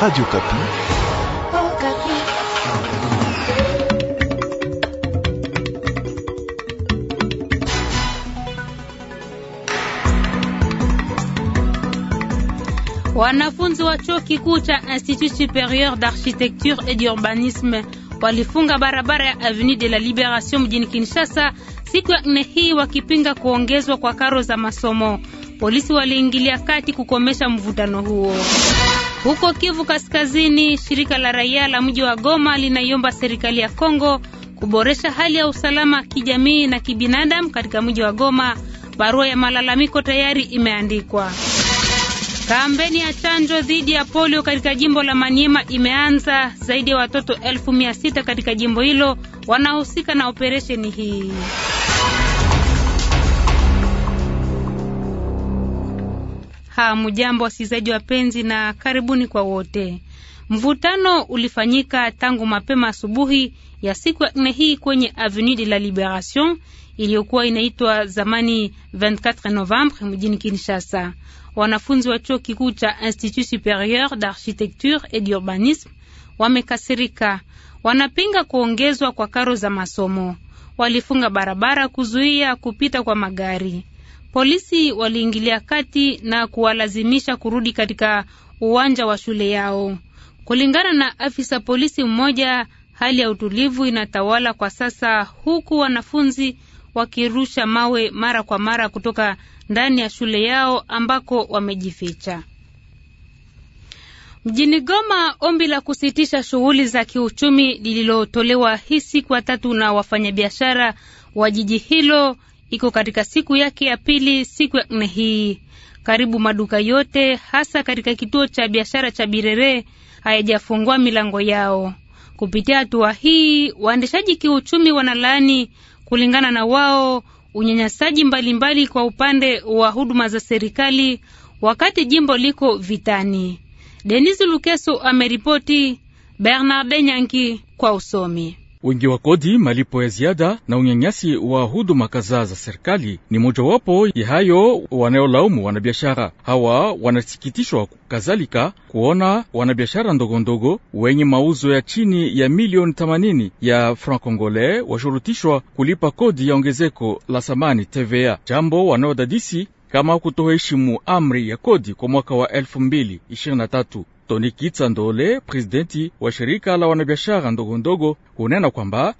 Radio Kapi. Oh, Kapi. Wanafunzi wa chuo kikuu cha Institut supérieur d'Architecture et d'Urbanisme walifunga barabara ya Avenue de la libération mjini Kinshasa siku ya nne hii wakipinga kuongezwa kwa karo za masomo. Polisi waliingilia kati kukomesha mvutano huo. Huko Kivu Kaskazini, shirika la raia la mji wa Goma linaiomba serikali ya Kongo kuboresha hali ya usalama kijamii na kibinadamu katika mji wa Goma. Barua ya malalamiko tayari imeandikwa. Kampeni ya chanjo dhidi ya polio katika jimbo la Maniema imeanza. Zaidi ya watoto elfu mia sita katika jimbo hilo wanahusika na operesheni hii. Hamujambo wasikilizaji wapenzi, na karibuni kwa wote. Mvutano ulifanyika tangu mapema asubuhi ya siku ya nne hii kwenye Avenue de la Liberation iliyokuwa inaitwa zamani 24 Novembre mjini Kinshasa. Wanafunzi wa chuo kikuu cha Institut Superieur d'Architecture et d'Urbanisme wamekasirika, wanapinga kuongezwa kwa karo za masomo. Walifunga barabara kuzuia kupita kwa magari polisi waliingilia kati na kuwalazimisha kurudi katika uwanja wa shule yao. Kulingana na afisa polisi mmoja, hali ya utulivu inatawala kwa sasa, huku wanafunzi wakirusha mawe mara kwa mara kutoka ndani ya shule yao ambako wamejificha. Mjini Goma, ombi la kusitisha shughuli za kiuchumi lililotolewa hii siku ya tatu na wafanyabiashara wa jiji hilo iko katika siku yake ya pili siku ya nne hii. Karibu maduka yote hasa katika kituo cha biashara cha Birere hayajafungua milango yao. Kupitia hatua hii, waendeshaji kiuchumi wanalaani, kulingana na wao, unyanyasaji mbalimbali kwa upande wa huduma za serikali wakati jimbo liko vitani. Denis Lukeso ameripoti, Bernard nyangi kwa usomi wengi wa kodi, malipo ya ziada na unyanyasi wa huduma kadhaa za serikali ni mojawapo ya hayo wanayolaumu wanabiashara hawa. Wanasikitishwa kadhalika kuona wanabiashara ndogondogo wenye mauzo ya chini ya milioni 80 ya franc congolais washurutishwa kulipa kodi ya ongezeko la thamani TVA, jambo wanaodadisi kama kutoheshimu amri ya kodi kwa mwaka wa 2023. Tony kitsa ndole presidenti wa shirika la wanabiashara ndogo ndogo, hunena kwamba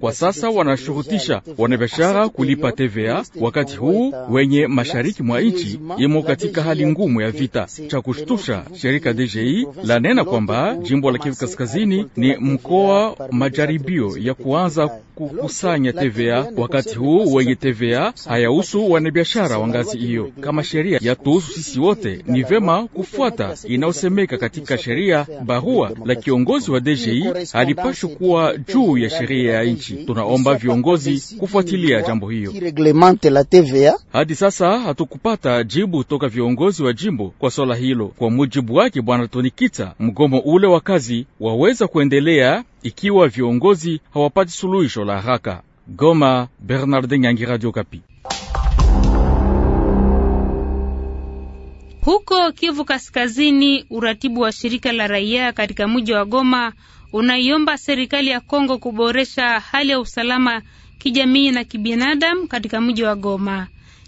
kwa sasa wanashurutisha wanabiashara kulipa TVA wakati huu wenye mashariki mwa nchi imo katika hali ngumu ya vita. Cha kushtusha, shirika DJI lanena kwamba jimbo la Kivu Kaskazini ni mkoa majaribio ya kuanza kukusanya TVA wakati huu wenye TVA hayahusu wanabiashara wa ngazi hiyo. Kama sheria yatuhusu sisi wote, ni vema kufuata inayosemeka katika sheria, barua la kiongozi wa DGI alipashwa kuwa juu ya sheria ya nchi. Tunaomba viongozi kufuatilia jambo hiyo. Hadi sasa hatukupata jibu toka viongozi wa jimbo kwa swala hilo. Kwa mujibu wake Bwana Tonikita, mgomo ule wa kazi waweza kuendelea ikiwa viongozi hawapati suluhisho la haraka. Goma, Bernardin Nyangi, Radio Kapi. Huko Kivu Kaskazini, uratibu wa shirika la raia katika mji wa Goma unaiomba serikali ya Kongo kuboresha hali ya usalama kijamii na kibinadamu katika mji wa Goma.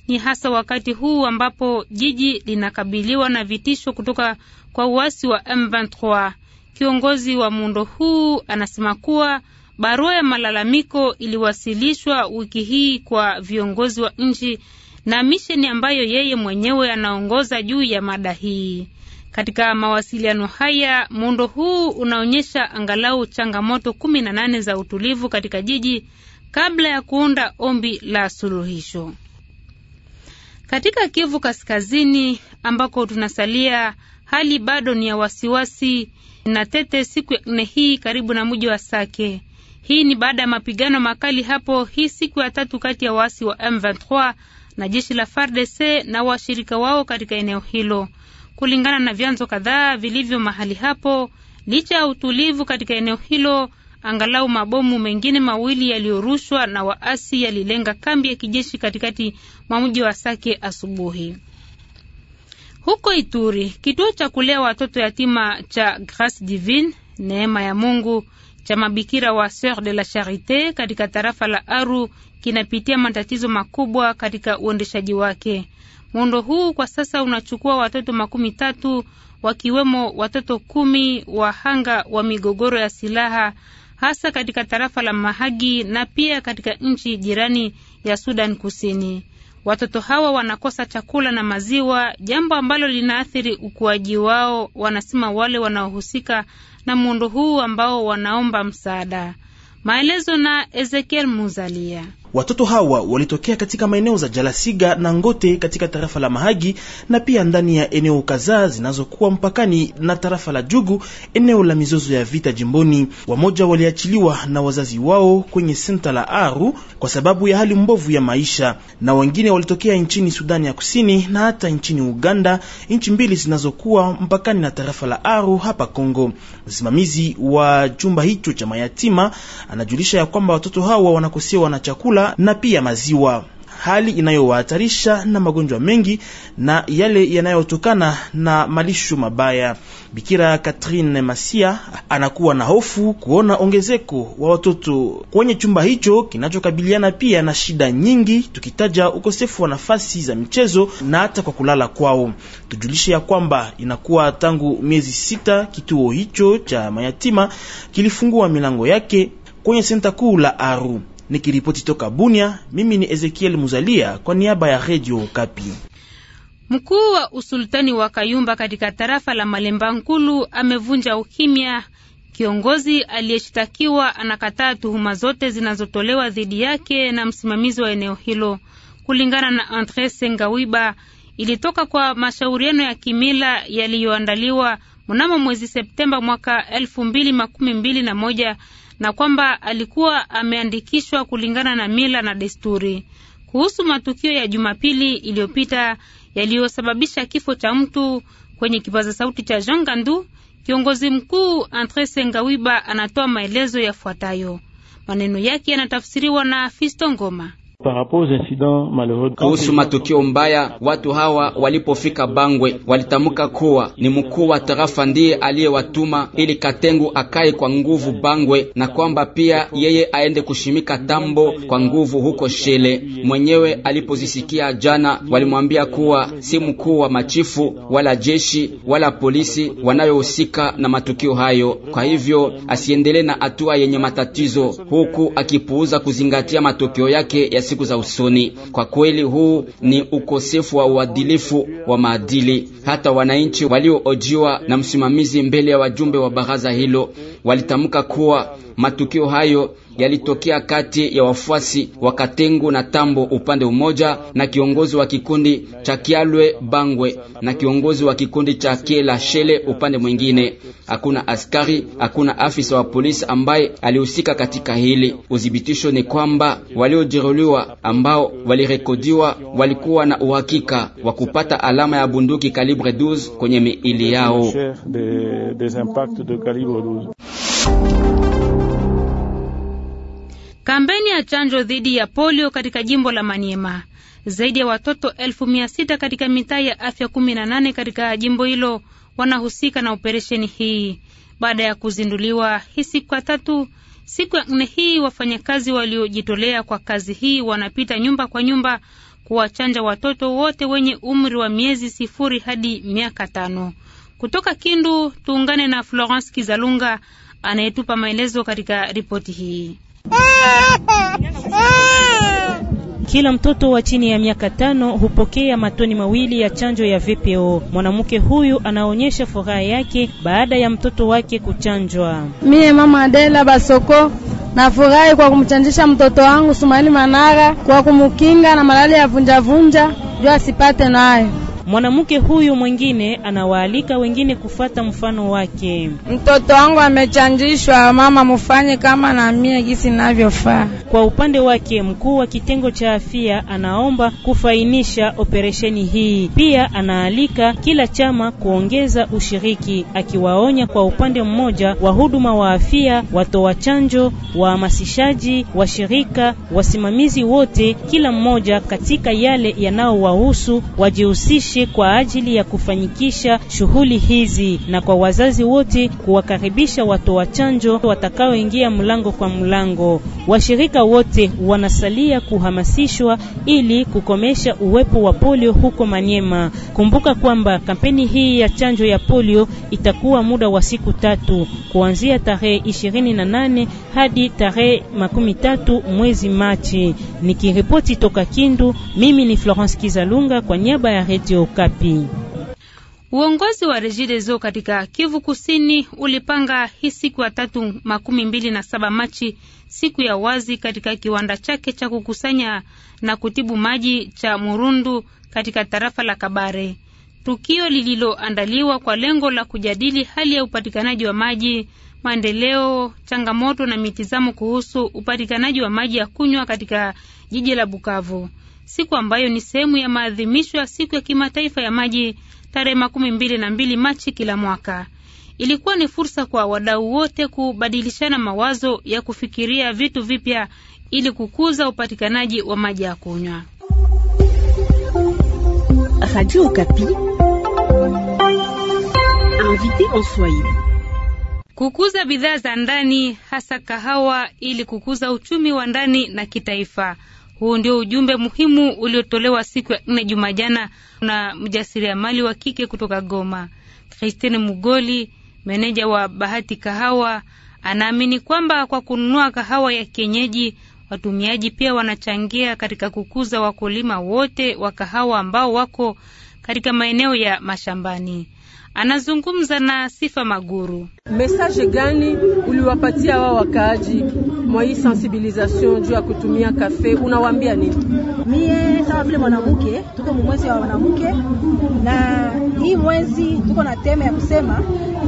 Ni hasa wakati huu ambapo jiji linakabiliwa na vitisho kutoka kwa uasi wa M23. Kiongozi wa muundo huu anasema kuwa barua ya malalamiko iliwasilishwa wiki hii kwa viongozi wa nchi na misheni ambayo yeye mwenyewe anaongoza juu ya mada hii. Katika mawasiliano haya, muundo huu unaonyesha angalau changamoto kumi na nane za utulivu katika jiji kabla ya kuunda ombi la suluhisho. Katika Kivu Kaskazini ambako tunasalia, hali bado ni ya wasiwasi na tete siku ya nne hii karibu na mji wa Sake. Hii ni baada ya mapigano makali hapo hii siku ya tatu kati ya waasi wa M23 na jeshi la FARDC na washirika wao katika eneo hilo, kulingana na vyanzo kadhaa vilivyo mahali hapo. Licha ya utulivu katika eneo hilo, angalau mabomu mengine mawili yaliyorushwa na waasi yalilenga kambi ya kijeshi katikati mwa mji wa Sake asubuhi. Huko Ituri, kituo cha kulea watoto yatima cha Grace Divine Neema ya Mungu cha mabikira wa Sœur de la Charite katika tarafa la Aru kinapitia matatizo makubwa katika uendeshaji wake. Muundo huu kwa sasa unachukua watoto makumi tatu wakiwemo watoto kumi wahanga wa migogoro ya silaha hasa katika tarafa la Mahagi na pia katika nchi jirani ya Sudan Kusini. Watoto hawa wanakosa chakula na maziwa, jambo ambalo linaathiri ukuaji wao, wanasema wale wanaohusika na muundo huu ambao wanaomba msaada. Maelezo na Ezekiel Muzalia. Watoto hawa walitokea katika maeneo za Jalasiga na Ngote katika tarafa la Mahagi na pia ndani ya eneo kadhaa zinazokuwa mpakani na tarafa la Jugu, eneo la mizozo ya vita jimboni. Wamoja waliachiliwa na wazazi wao kwenye senta la Aru kwa sababu ya hali mbovu ya maisha, na wengine walitokea nchini Sudani ya Kusini na hata nchini Uganda, nchi mbili zinazokuwa mpakani na tarafa la Aru hapa Kongo. Msimamizi wa chumba hicho cha mayatima anajulisha ya kwamba watoto hawa wanakosewa na chakula chakula na pia maziwa, hali inayowahatarisha na magonjwa mengi na yale yanayotokana na malisho mabaya. Bikira Catherine Masia anakuwa na hofu kuona ongezeko wa watoto kwenye chumba hicho kinachokabiliana pia na shida nyingi, tukitaja ukosefu wa nafasi za michezo na hata kwa kulala kwao. Tujulishe ya kwamba inakuwa tangu miezi sita kituo hicho cha mayatima kilifungua milango yake kwenye senta kuu la Aru. Nikiripoti toka Bunia, mimi ni Ezekiel Muzalia kwa niaba ya Redio Kapi. Mkuu wa usultani wa Kayumba katika tarafa la Malemba Nkulu amevunja ukimya. Kiongozi aliyeshtakiwa anakataa tuhuma zote zinazotolewa dhidi yake na msimamizi wa eneo hilo. Kulingana na Andre Sengawiba, ilitoka kwa mashauriano ya kimila yaliyoandaliwa mnamo mwezi Septemba mwaka elfu mbili makumi mbili na moja na kwamba alikuwa ameandikishwa kulingana na mila na desturi. Kuhusu matukio ya Jumapili iliyopita yaliyosababisha kifo cha mtu, kwenye kipaza sauti cha Jean Gandu, kiongozi mkuu Andre Sengawiba anatoa maelezo yafuatayo. Maneno yake yanatafsiriwa na Fisto Ngoma. Kuhusu matukio mbaya, watu hawa walipofika Bangwe walitamka kuwa ni mkuu wa tarafa ndiye aliyewatuma ili Katengu akae kwa nguvu Bangwe, na kwamba pia yeye aende kushimika tambo kwa nguvu huko Shele. Mwenyewe alipozisikia jana, walimwambia kuwa si mkuu wa machifu wala jeshi wala polisi wanayohusika na matukio hayo, kwa hivyo asiendelee na hatua yenye matatizo, huku akipuuza kuzingatia matokeo yake ya siku za usoni. Kwa kweli, huu ni ukosefu wa uadilifu wa maadili. Hata wananchi walioojiwa na msimamizi mbele ya wajumbe wa baraza hilo walitamka kuwa matukio hayo yalitokea kati ya wafuasi wa Katengo na Tambo upande umoja na kiongozi wa kikundi cha Kialwe Bangwe na kiongozi wa kikundi cha Kiela Shele upande mwingine. Hakuna askari, hakuna afisa wa polisi ambaye alihusika katika hili. Udhibitisho ni kwamba waliojeruhiwa ambao walirekodiwa walikuwa na uhakika wa kupata alama ya bunduki kalibre 12 kwenye miili yao. Kampeni ya chanjo dhidi ya polio katika jimbo la Maniema. Zaidi ya watoto elfu mia sita katika mitaa ya afya kumi na nane katika jimbo hilo wanahusika na operesheni hii. Baada ya kuzinduliwa hii siku ya tatu, siku ya nne hii wafanyakazi waliojitolea kwa kazi hii wanapita nyumba kwa nyumba kuwachanja watoto wote wenye umri wa miezi sifuri hadi miaka tano. Kutoka Kindu tuungane na Florence Kizalunga anayetupa maelezo katika ripoti hii. Kila mtoto wa chini ya miaka tano hupokea matoni mawili ya chanjo ya VPO. Mwanamke huyu anaonyesha furaha yake baada ya mtoto wake kuchanjwa. Mie mama Adela Basoko nafurahi kwa kumchanjisha mtoto wangu Sumaili Manara kwa kumukinga na malaria ya vunjavunja juu asipate nayo. Mwanamke huyu mwingine anawaalika wengine kufata mfano wake. Mtoto wangu amechanjishwa, mama mufanye kama na mie gisi navyofaa. Kwa upande wake, mkuu wa kitengo cha afya anaomba kufainisha operesheni hii. Pia anaalika kila chama kuongeza ushiriki, akiwaonya kwa upande mmoja wahuduma wa afya, watoa chanjo, wahamasishaji, washirika, wasimamizi wote, kila mmoja katika yale yanayowahusu wajihusishe jishughulishe kwa ajili ya kufanikisha shughuli hizi, na kwa wazazi wote kuwakaribisha watoa chanjo watakaoingia mlango kwa mlango. Washirika wote wanasalia kuhamasishwa ili kukomesha uwepo wa polio huko Manyema. Kumbuka kwamba kampeni hii ya chanjo ya polio itakuwa muda wa siku tatu kuanzia tarehe 28 hadi tarehe makumi mwezi Machi. Nikiripoti toka Kindu, mimi ni Florence Kizalunga kwa niaba ya Radio Okapi. Uongozi wa Regideso katika Kivu Kusini ulipanga hii siku ya tatu makumi mbili na saba Machi siku ya wazi katika kiwanda chake cha kukusanya na kutibu maji cha Murundu katika tarafa la Kabare, tukio lililoandaliwa kwa lengo la kujadili hali ya upatikanaji wa maji, maendeleo, changamoto na mitizamo kuhusu upatikanaji wa maji ya kunywa katika jiji la Bukavu siku ambayo ni sehemu ya maadhimisho ya siku ya kimataifa ya maji tarehe makumi mbili na mbili Machi kila mwaka. Ilikuwa ni fursa kwa wadau wote kubadilishana mawazo ya kufikiria vitu vipya ili kukuza upatikanaji wa maji ya kunywa. Kukuza bidhaa za ndani hasa kahawa ili kukuza uchumi wa ndani na kitaifa. Huu ndio ujumbe muhimu uliotolewa siku ya nne Jumajana na mjasiriamali wa kike kutoka Goma, Christine Mugoli, meneja wa Bahati Kahawa. Anaamini kwamba kwa kununua kahawa ya kienyeji watumiaji pia wanachangia katika kukuza wakulima wote wa kahawa ambao wako katika maeneo ya mashambani. Anazungumza na Sifa Maguru. Mesaje gani uliwapatia wao wakaaji mwa hii sensibilisation juu ya kutumia kafe unawaambia nini? Mie kama vile mwanamke, tuko mwezi wa mwanamke, na hii mwezi tuko na tema ya kusema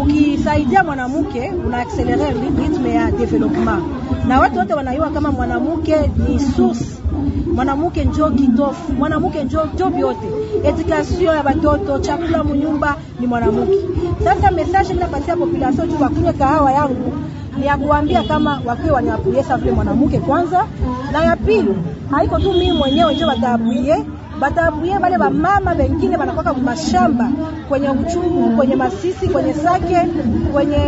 ukisaidia mwanamke una accelerate ritme ya development, na watu wote wanaiwa kama mwanamke ni source mwanamke njoo kitofu, mwanamke njo job yote, edukasio ya batoto, chakula munyumba ni mwanamke. Sasa message ninapatia population tu wakunywe kahawa yangu ni ya kuambia kama wakiwa wanawapuliesa vile mwanamke kwanza, na ya pili haiko tu mimi mwenyewe ndio wataapulie batambuye wale wamama wengine wanakwaka mashamba kwenye uchungu, kwenye Masisi, kwenye Sake, kwenye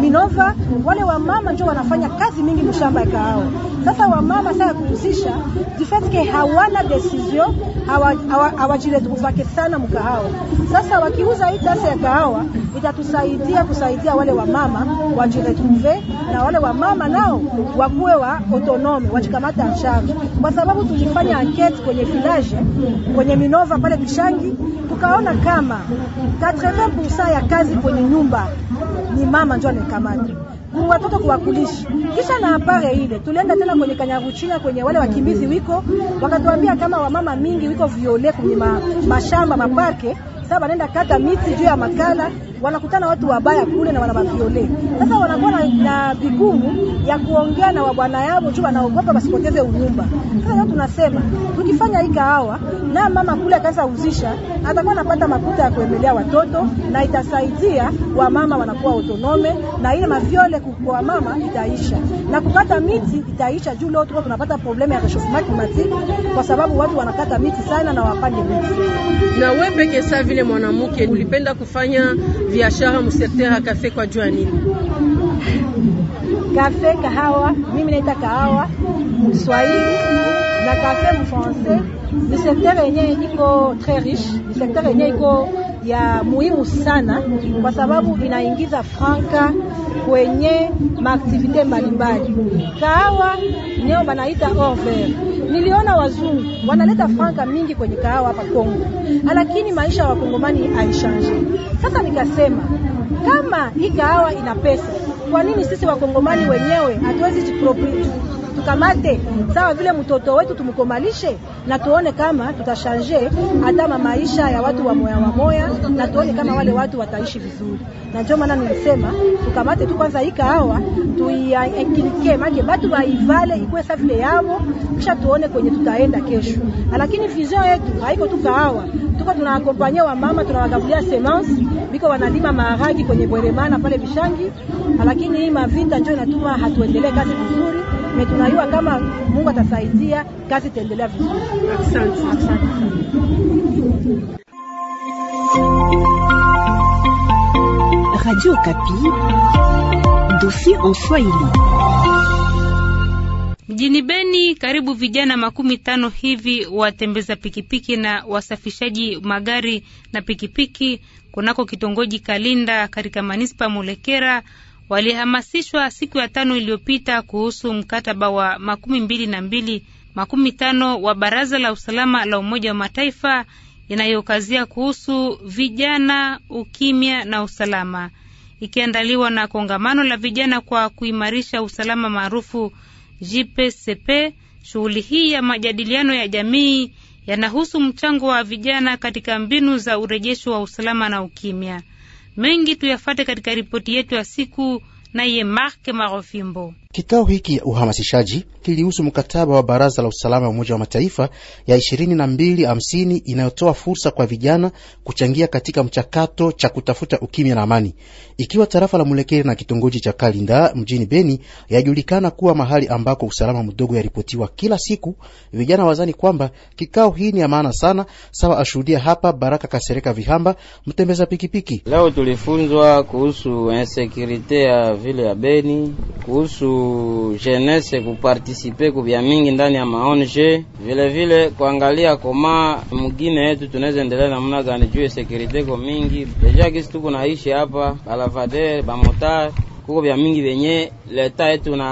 Minova. Wale wamama ndio wanafanya kazi mingi mshamba kao. Sasa wamama sasa kuhusisha difetike, hawana decision, hawajiretuvake sana mkahawa. Sasa wakiuza hii tasa ya kahawa itatusaidia kusaidia wale wamama wajiretuve na wale wamama nao wakuwe wa autonome, wajikamata anshavu, kwa sababu tulifanya ankete kwenye village kwenye Minova pale Kishangi, tukaona kama 80% ya kazi kwenye nyumba ni mama ndio anakamata watoto kuwakulisha. Kisha na apare ile tulienda tena kwenye Kanyaruchinya kwenye wale wakimbizi wiko, wakatuambia kama wamama mingi wiko viole kwenye ma, mashamba mapake sasa wanaenda kata miti juu ya makala, wanakutana watu wabaya kule na wanawaviole. Sasa wanakuwa na vigumu ya kuongea na wabwana yao juu wanaogopa wasipoteze unyumba. Sasa leo tunasema tukifanya hii kahawa na mama kule akaanza uzisha, atakuwa anapata makuta ya kuemelea watoto na itasaidia wamama wanakuwa autonome, na ile mafiole kwa mama itaisha na kukata miti itaisha. Juu leo tuko tunapata problemu ya reshofuma klimatiki kwa sababu watu wanakata miti sana na wapande miti na wewe peke yako vile mwanamke ulipenda kufanya biashara ya kafe kwa jua nini? Kafe kahawa, mimi naita kahawa mswahili na kafe mfrancais. Ni sekter yenye iko très riche, ni sekta yenye iko ya muhimu sana kwa sababu inaingiza franka kwenye maaktivite mbalimbali. Kahawa nio banaita orver nilio wazungu wanaleta franka mingi kwenye kahawa hapa Kongo, ah, lakini maisha ya wakongomani haishanje. Sasa nikasema kama hii kahawa ina pesa, kwa nini sisi wakongomani wenyewe hatuwezi tukamate sawa vile mtoto wetu tumkomalishe? na tuone kama tutashanje hata maisha ya watu wa moya wa moya, na tuone kama wale watu wataishi vizuri. Na ndio maana nilisema tukamate tu kwanza ikaawa tuiankilike make batu waivale ikuwe safi yao, kisha tuone kwenye tutaenda kesho. Lakini vision yetu haiko tu kahawa, tuko tunaakompanya wa mama, tunawagabulia semence biko wanalima maharagi kwenye Bweremana pale Bishangi, lakini hii mavita ndio inatuma hatuendelee kazi vizuri, na tunajua kama Mungu atasaidia kazi itaendelea vizuri. Radio Kapi, en Swahili. Mjini Beni karibu vijana makumi tano hivi watembeza pikipiki na wasafishaji magari na pikipiki kunako kitongoji Kalinda katika manispa Mulekera walihamasishwa siku ya tano iliyopita kuhusu mkataba wa makumi mbili na mbili makumi tano wa Baraza la Usalama la Umoja wa Mataifa inayokazia kuhusu vijana, ukimya na usalama, ikiandaliwa na kongamano la vijana kwa kuimarisha usalama maarufu JPCP. Shughuli hii ya majadiliano ya jamii yanahusu mchango wa vijana katika mbinu za urejesho wa usalama na ukimya. Mengi tuyafate katika ripoti yetu ya siku, naye Mark Marofimbo. Kikao hiki ya uhamasishaji kilihusu mkataba wa Baraza la Usalama ya Umoja wa Mataifa ya 2250 inayotoa fursa kwa vijana kuchangia katika mchakato cha kutafuta ukimya na amani, ikiwa tarafa la Mulekere na kitongoji cha Kalinda mjini Beni yajulikana kuwa mahali ambako usalama mdogo yaripotiwa kila siku. Vijana wazani kwamba kikao hii ni ya maana sana, sawa ashuhudia hapa Baraka Kasereka Vihamba, mtembeza pikipiki. Leo tulifunzwa kuhusu insekurite ya vile ya Beni kuhusu ku jeunesse kupartisipe kubya mingi ndani ya maonje, vilevile kuangalia koma mugine yetu tunaweza endelea namna gani juu ya sekurite ko mingi deja kisi tuko naishi hapa, balavader bamotar kuko vya mingi venye leta yetu na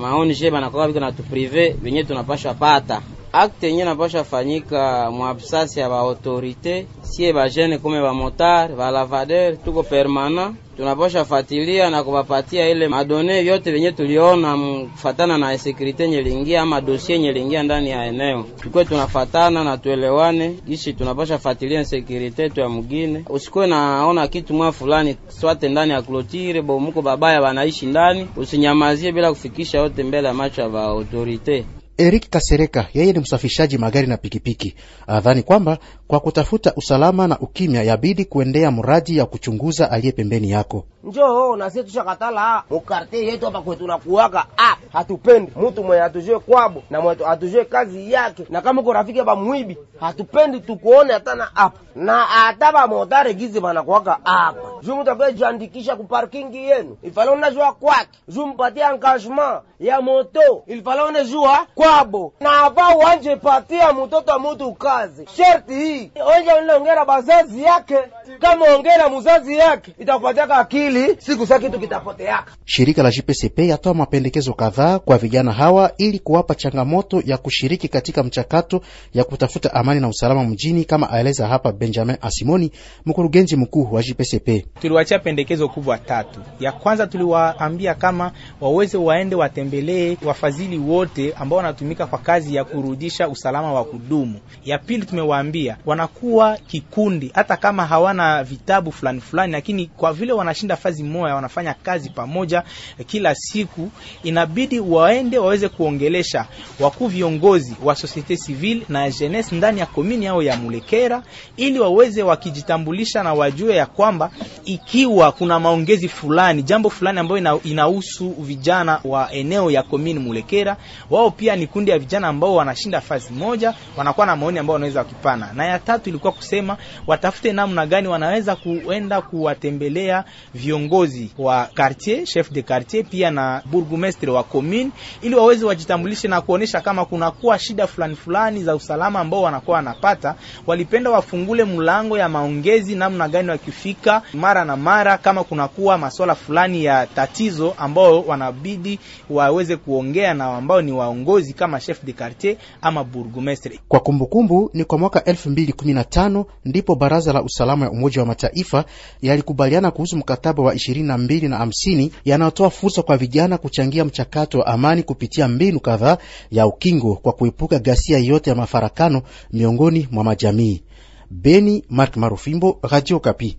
maong banakoa viko na tuprive venye tunapasha pata akte yenye napasha fanyika mwabsasi ya baautorite, sie bajene kume bamotari balavader, tuko permana tunapasha fatilia na kubapatia ile madone vyote venye tuliona mfatana na sekurite nyelingia ama dosie nyelingia ndani ya eneo, tukwe tunafatana na tuelewane ishi tunapasha fatilia sekurite yetu ya mgine. Usikwe naona kitu mwa fulani swate ndani ya klotire bomuko babaya banaishi ndani, usinyamazie bila kufikisha yote mbele ya macho ya baautorite. Eric Tasereka yeye ni msafishaji magari na pikipiki. Adhani kwamba kwa kutafuta usalama na ukimya, yabidi kuendea mradi ya kuchunguza aliye pembeni yako. Njoo na sisi tushakatala mukarte yetu hapa kwetu, na kuwaka ah, hatupendi mtu mwenye atujue kwabo na mwenye atujue kazi yake, na kama uko rafiki hapa mwibi, hatupendi tukuone hata na hapa na hata ba motare gizi bana kuwaka hapa juu mtu afike jiandikisha ku parking yenu, ifalo unajua kwake juu mpatie engagement ya moto, ilifalo unajua kwabo na hapa uanje patia mtoto wa mtu kazi sherti hii onja unaongera bazazi yake, kama ongera muzazi yake itakupatiaka akili siku saa kitu kitapoteaka. Shirika la JPCP yatoa mapendekezo kadhaa kwa vijana hawa ili kuwapa changamoto ya kushiriki katika mchakato ya kutafuta amani na usalama mjini, kama aeleza hapa Benjamin Asimoni, mkurugenzi mkuu wa JPCP. Tuliwachia pendekezo kubwa tatu. Ya kwanza tuliwaambia kama waweze waende watembelee wafadhili wote ambao wanatumika kwa kazi ya kurudisha usalama wa kudumu. Ya pili tumewaambia wanakuwa kikundi, hata kama hawana vitabu fulani fulani, lakini kwa vile wanashinda fazi moja, wanafanya kazi pamoja eh, kila siku, inabidi waende waweze kuongelesha wakuu viongozi wa societe civile na jeunesse ndani ya komini yao ya Mulekera, ili waweze wakijitambulisha na wajue ya kwamba ikiwa kuna maongezi fulani, jambo fulani ambayo inahusu vijana wa eneo ya komini Mulekera, wao pia ni kundi ya vijana ambao wanashinda fazi moja, wanakuwa na maoni ambayo wanaweza wakipana na ya tatu ilikuwa kusema watafute namna gani wanaweza kuenda kuwatembelea viongozi wa quartier, chef de quartier, pia na burgomestre wa commune, ili waweze wajitambulishe na kuonesha kama kunakuwa shida fulani fulani za usalama ambao wanakuwa wanapata. Walipenda wafungule mlango ya maongezi, namna gani wakifika mara na mara, kama kunakuwa masuala fulani ya tatizo ambao wanabidi waweze kuongea na ambao ni waongozi kama chef de quartier ama burgomestre. Kwa kumbukumbu ni kwa mwaka elfu mbili 2015 ndipo baraza la usalama ya Umoja wa Mataifa yalikubaliana kuhusu mkataba wa 22 na 50 yanayotoa fursa kwa vijana kuchangia mchakato wa amani kupitia mbinu kadhaa ya ukingo kwa kuepuka ghasia yote ya mafarakano miongoni mwa majamii. Beni, Mark Marufimbo, Radio Kapi.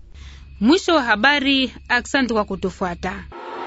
Mwisho wa habari. Asante kwa kutufuata.